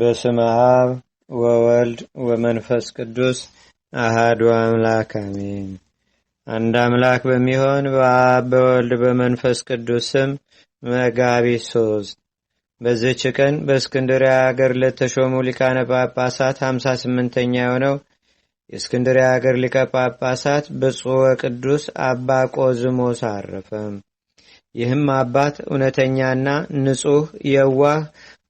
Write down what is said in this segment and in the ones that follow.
በስመ አብ ወወልድ ወመንፈስ ቅዱስ አሃዱ አምላክ አሜን። አንድ አምላክ በሚሆን በአብ በወልድ በመንፈስ ቅዱስ ስም መጋቢት ሶስት በዚች ቀን በእስክንድሪያ አገር ለተሾሙ ሊቃነ ጳጳሳት ሀምሳ ስምንተኛ የሆነው የእስክንድሪያ አገር ሊቀ ጳጳሳት ብፁዕ ወቅዱስ አባ ቆዝሞስ አረፈ። ይህም አባት እውነተኛና ንጹሕ የዋህ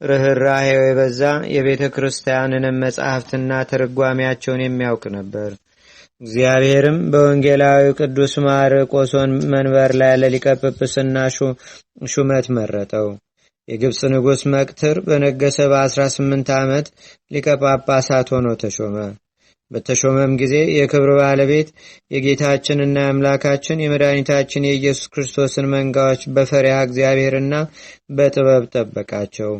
ርኅራኄው የበዛ የቤተ ክርስቲያንንም መጻሕፍትና ትርጓሜያቸውን የሚያውቅ ነበር። እግዚአብሔርም በወንጌላዊው ቅዱስ ቆሶን መንበር ላይ ለሊቀ ሹመት መረጠው። የግብፅ ንጉሥ መቅትር በነገሰ በ18 ዓመት ሊቀ ጳጳሳት ሆኖ ተሾመ። በተሾመም ጊዜ የክብር ባለቤት የጌታችንና የአምላካችን የመድኃኒታችን የኢየሱስ ክርስቶስን መንጋዎች በፈሪያ እግዚአብሔርና በጥበብ ጠበቃቸው።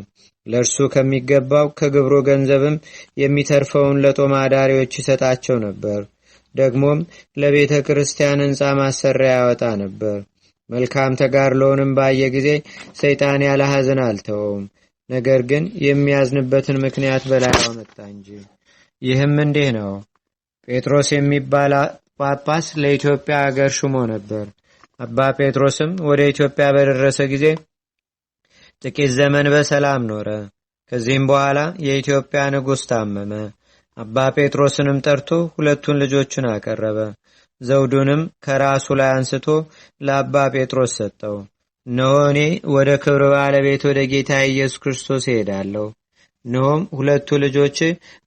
ለእርሱ ከሚገባው ከግብሮ ገንዘብም የሚተርፈውን ለጦም አዳሪዎች ይሰጣቸው ነበር። ደግሞም ለቤተ ክርስቲያን ሕንፃ ማሰሪያ ያወጣ ነበር። መልካም ተጋድሎውንም ባየ ጊዜ ሰይጣን ያለ ሐዘን አልተወውም። ነገር ግን የሚያዝንበትን ምክንያት በላይ አመጣ እንጂ ይህም እንዲህ ነው። ጴጥሮስ የሚባል ጳጳስ ለኢትዮጵያ አገር ሹሞ ነበር። አባ ጴጥሮስም ወደ ኢትዮጵያ በደረሰ ጊዜ ጥቂት ዘመን በሰላም ኖረ። ከዚህም በኋላ የኢትዮጵያ ንጉሥ ታመመ። አባ ጴጥሮስንም ጠርቶ ሁለቱን ልጆቹን አቀረበ። ዘውዱንም ከራሱ ላይ አንስቶ ለአባ ጴጥሮስ ሰጠው። እነሆ እኔ ወደ ክብር ባለቤት ወደ ጌታ ኢየሱስ ክርስቶስ እሄዳለሁ እነሆም ሁለቱ ልጆች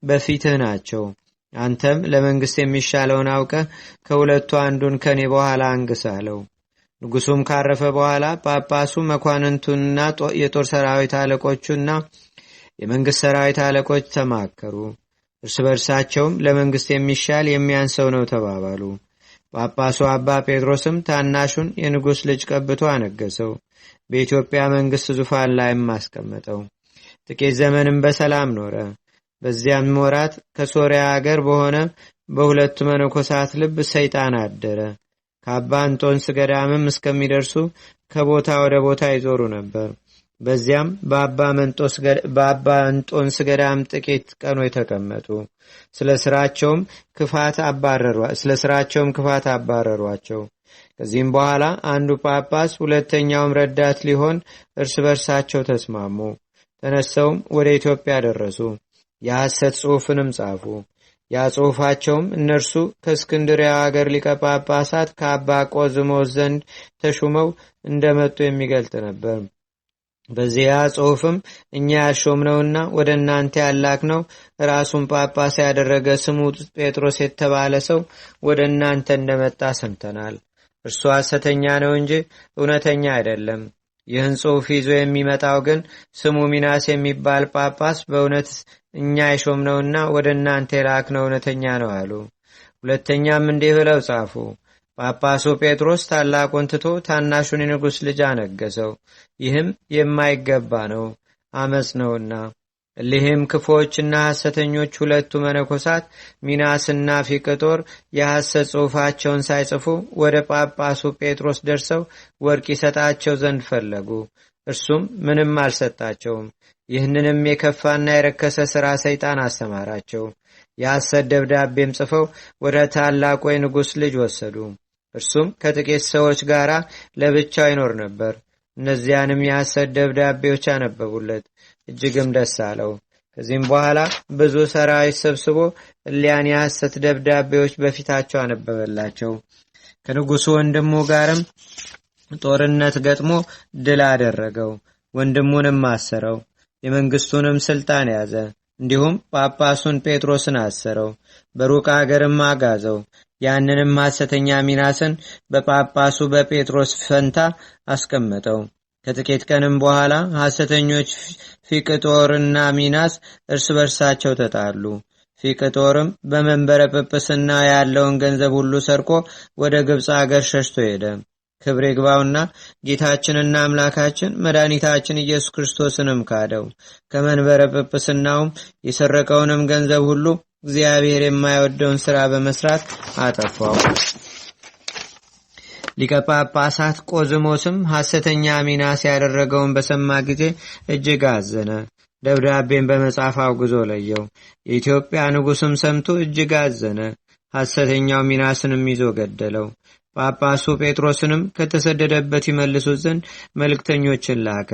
በፊትህ ናቸው። አንተም ለመንግሥት የሚሻለውን አውቀህ ከሁለቱ አንዱን ከኔ በኋላ አንግስ አለው። ንጉሡም ካረፈ በኋላ ጳጳሱ መኳንንቱንና የጦር ሰራዊት አለቆቹና የመንግሥት ሰራዊት አለቆች ተማከሩ። እርስ በርሳቸውም ለመንግሥት የሚሻል የሚያንሰው ነው ተባባሉ። ጳጳሱ አባ ጴጥሮስም ታናሹን የንጉሥ ልጅ ቀብቶ አነገሰው። በኢትዮጵያ መንግሥት ዙፋን ላይም አስቀመጠው። ጥቂት ዘመንም በሰላም ኖረ። በዚያም ወራት ከሶርያ አገር በሆነ በሁለቱ መነኮሳት ልብ ሰይጣን አደረ። ከአባ ስገዳምም ገዳምም እስከሚደርሱ ከቦታ ወደ ቦታ ይዞሩ ነበር። በዚያም በአባ አንጦንስ ገዳም ጥቂት ቀኖ የተቀመጡ ስለ ስራቸውም ክፋት አባረሯቸው። ከዚህም በኋላ አንዱ ጳጳስ ሁለተኛውም ረዳት ሊሆን እርስ በርሳቸው ተስማሙ። ተነስተውም ወደ ኢትዮጵያ ደረሱ። የሐሰት ጽሑፍንም ጻፉ። ያ ጽሑፋቸውም እነርሱ ከእስክንድሪያ አገር ሊቀጳጳሳት ከአባ ቆዝሞስ ዘንድ ተሹመው እንደመጡ የሚገልጥ ነበር። በዚያ ጽሑፍም እኛ ያሾምነውና ወደ እናንተ ያላክነው ራሱን ጳጳስ ያደረገ ስሙ ጴጥሮስ የተባለ ሰው ወደ እናንተ እንደመጣ ሰምተናል። እርሱ ሐሰተኛ ነው እንጂ እውነተኛ አይደለም። ይህን ጽሑፍ ይዞ የሚመጣው ግን ስሙ ሚናስ የሚባል ጳጳስ በእውነት እኛ የሾምነውና ወደ እናንተ የላክነው እውነተኛ ነው አሉ። ሁለተኛም እንዲህ ብለው ጻፉ። ጳጳሱ ጴጥሮስ ታላቁን ትቶ ታናሹን የንጉሥ ልጅ አነገሰው። ይህም የማይገባ ነው፣ አመፅ ነውና እሊህም ክፎችና ሐሰተኞች ሁለቱ መነኮሳት ሚናስና ፊቅጦር የሐሰት ጽሑፋቸውን ሳይጽፉ ወደ ጳጳሱ ጴጥሮስ ደርሰው ወርቅ ይሰጣቸው ዘንድ ፈለጉ። እርሱም ምንም አልሰጣቸውም። ይህንንም የከፋና የረከሰ ሥራ ሰይጣን አሰማራቸው። የሐሰት ደብዳቤም ጽፈው ወደ ታላቁ ንጉሥ ልጅ ወሰዱ። እርሱም ከጥቂት ሰዎች ጋር ለብቻው ይኖር ነበር። እነዚያንም የሐሰት ደብዳቤዎች አነበቡለት። እጅግም ደስ አለው። ከዚህም በኋላ ብዙ ሰራዊት ሰብስቦ እሊያን የሐሰት ደብዳቤዎች በፊታቸው አነበበላቸው። ከንጉሱ ወንድሙ ጋርም ጦርነት ገጥሞ ድል አደረገው። ወንድሙንም አሰረው። የመንግስቱንም ስልጣን ያዘ። እንዲሁም ጳጳሱን ጴጥሮስን አሰረው፣ በሩቅ አገርም አጋዘው። ያንንም ሐሰተኛ ሚናስን በጳጳሱ በጴጥሮስ ፈንታ አስቀመጠው። ከጥቂት ቀንም በኋላ ሐሰተኞች ፊቅጦርና ሚናስ እርስ በርሳቸው ተጣሉ። ፊቅጦርም በመንበረ ጵጵስና ያለውን ገንዘብ ሁሉ ሰርቆ ወደ ግብፅ አገር ሸሽቶ ሄደ። ክብሬ ግባውና ጌታችንና አምላካችን መድኃኒታችን ኢየሱስ ክርስቶስንም ካደው። ከመንበረ ጵጵስናውም የሰረቀውንም ገንዘብ ሁሉ እግዚአብሔር የማይወደውን ሥራ በመሥራት አጠፋው። ሊቀ ጳጳሳት ቆዝሞስም ሐሰተኛ ሚናስ ያደረገውን በሰማ ጊዜ እጅግ አዘነ። ደብዳቤን በመጻፍ አውግዞ ለየው። የኢትዮጵያ ንጉሥም ሰምቶ እጅግ አዘነ። ሐሰተኛው ሚናስንም ይዞ ገደለው። ጳጳሱ ጴጥሮስንም ከተሰደደበት ይመልሱት ዘንድ መልእክተኞችን ላከ።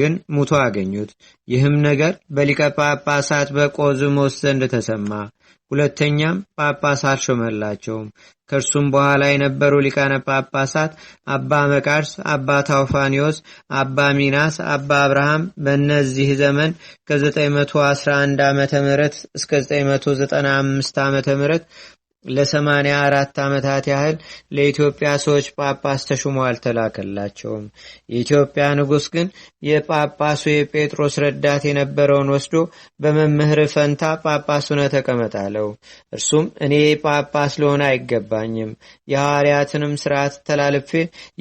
ግን ሙቶ አገኙት። ይህም ነገር በሊቀ ጳጳሳት በቆዝሞስ ዘንድ ተሰማ። ሁለተኛም ጳጳሳት ሾመላቸውም። ከእርሱም በኋላ የነበሩ ሊቃነ ጳጳሳት አባ መቃርስ፣ አባ ታውፋኒዎስ፣ አባ ሚናስ፣ አባ አብርሃም በእነዚህ ዘመን ከ911 ዓ ም እስከ 995 ዓ ም ለሰማንያ አራት ዓመታት ያህል ለኢትዮጵያ ሰዎች ጳጳስ ተሹሞ አልተላከላቸውም። የኢትዮጵያ ንጉሥ ግን የጳጳሱ የጴጥሮስ ረዳት የነበረውን ወስዶ በመምህር ፈንታ ጳጳስ ሆነ ተቀመጣለው። እርሱም እኔ ጳጳስ ለሆነ አይገባኝም፣ የሐዋርያትንም ስርዓት ተላልፌ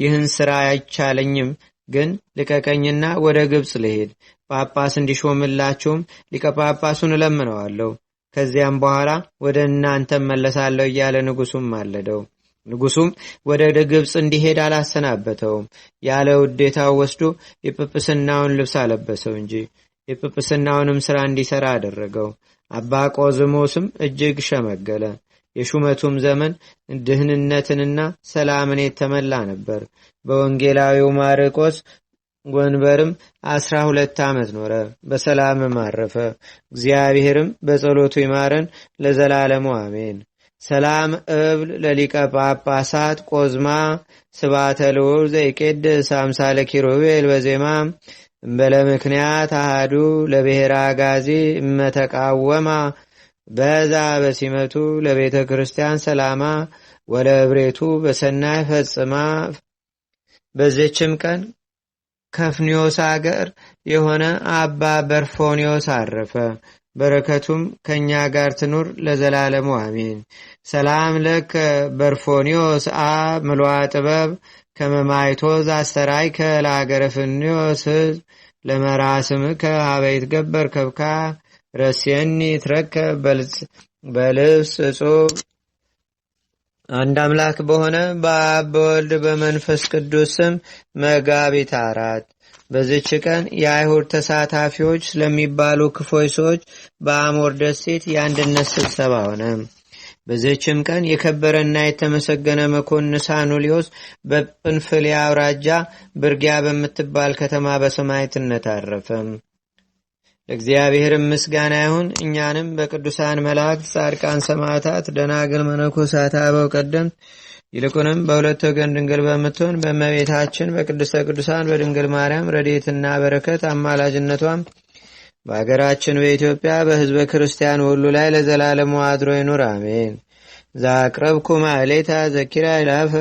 ይህን ሥራ አይቻለኝም። ግን ልቀቀኝና ወደ ግብፅ ልሄድ ጳጳስ እንዲሾምላቸውም ሊቀ ጳጳሱን እለምነዋለሁ ከዚያም በኋላ ወደ እናንተ መለሳለሁ እያለ ንጉሱም አለደው። ንጉሱም ወደ ግብፅ እንዲሄድ አላሰናበተውም። ያለ ውዴታው ወስዶ የጵጵስናውን ልብስ አለበሰው እንጂ የጵጵስናውንም ሥራ እንዲሠራ አደረገው። አባ ቆዝሞስም እጅግ ሸመገለ። የሹመቱም ዘመን ድህንነትንና ሰላምን የተመላ ነበር። በወንጌላዊው ማርቆስ ወንበርም አስራ ሁለት ዓመት ኖረ፣ በሰላምም አረፈ። እግዚአብሔርም በጸሎቱ ይማረን ለዘላለሙ አሜን። ሰላም እብል ለሊቀ ጳጳሳት ቆዝማ ስባተ ልውር ዘይቄድስ አምሳለ ኪሩቤል በዜማ እምበለ ምክንያት አሃዱ ለብሔራ ጋዚ እመተቃወማ በዛ በሲመቱ ለቤተ ክርስቲያን ሰላማ ወለብሬቱ በሰናይ ፈጽማ በዚችም ቀን ከፍኒዮስ አገር የሆነ አባ በርፎኒዮስ አረፈ። በረከቱም ከእኛ ጋር ትኑር ለዘላለሙ አሜን። ሰላም ለከ በርፎኒዮስ አ ምሏ ጥበብ ከመማይቶዝ አስተራይ ከላገረ ፍኒዮስ ህዝብ ለመራስምከ ከአበይት ገበር ከብካ ረስየኒ ትረከብ በልብስ እጹብ አንድ አምላክ በሆነ በአብ በወልድ በመንፈስ ቅዱስ ስም መጋቢት አራት በዝች ቀን የአይሁድ ተሳታፊዎች ስለሚባሉ ክፎች ሰዎች በአሞር ደሴት የአንድነት ስብሰባ ሆነ። በዘችም ቀን የከበረና የተመሰገነ መኮን ሳኑሊዮስ በጵንፍልያ አውራጃ ብርጊያ በምትባል ከተማ በሰማይትነት አረፈም። ለእግዚአብሔርም ምስጋና ይሁን። እኛንም በቅዱሳን መላእክት፣ ጻድቃን፣ ሰማዕታት፣ ደናግል፣ መነኮሳት፣ አበው ቀደምት ይልቁንም በሁለት ወገን ድንግል በምትሆን በመቤታችን በቅድስተ ቅዱሳን በድንግል ማርያም ረዴትና በረከት አማላጅነቷም በአገራችን በኢትዮጵያ በህዝበ ክርስቲያን ሁሉ ላይ ለዘላለሙ አድሮ ይኑር፣ አሜን። ዛቅረብኩ ማዕሌታ ዘኪራ ይላፈ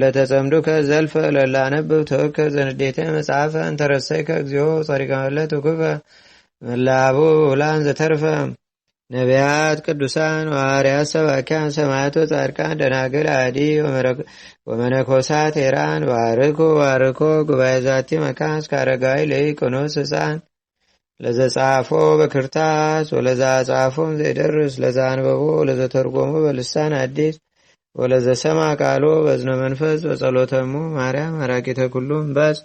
ለተጸምዱ ከዘልፈ ለላነብብ ተወከ ዘንዴተ መጽሐፈ እንተረሰይከ እግዚኦ ጸሪቀመለት ውክፈ መላቡ ላን ዘተርፈ ነቢያት፣ ቅዱሳን፣ ዋርያ ሰባኪያን፣ ሰማያቶ፣ ጻድቃን፣ ደናግል፣ አዲ ወመነኮሳት ሄራን ባርኮ ባርኮ ጉባኤ ዛቲ መካን ልይ ቅኖስ ህፃን ለዘጻፎ በክርታስ ወለዛ ጻፎም ዘይደርስ ለዛ አንበቦ ለዘተርጎሞ በልሳን አዲስ ወለዘሰማ ቃሎ በዝነ መንፈስ በጸሎተሙ ማርያም አራቂተ ኩሉም በጽ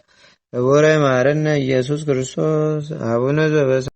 ዘቡረ ይመሃረነ ኢየሱስ ክርስቶስ አቡነ ዘበሰማያት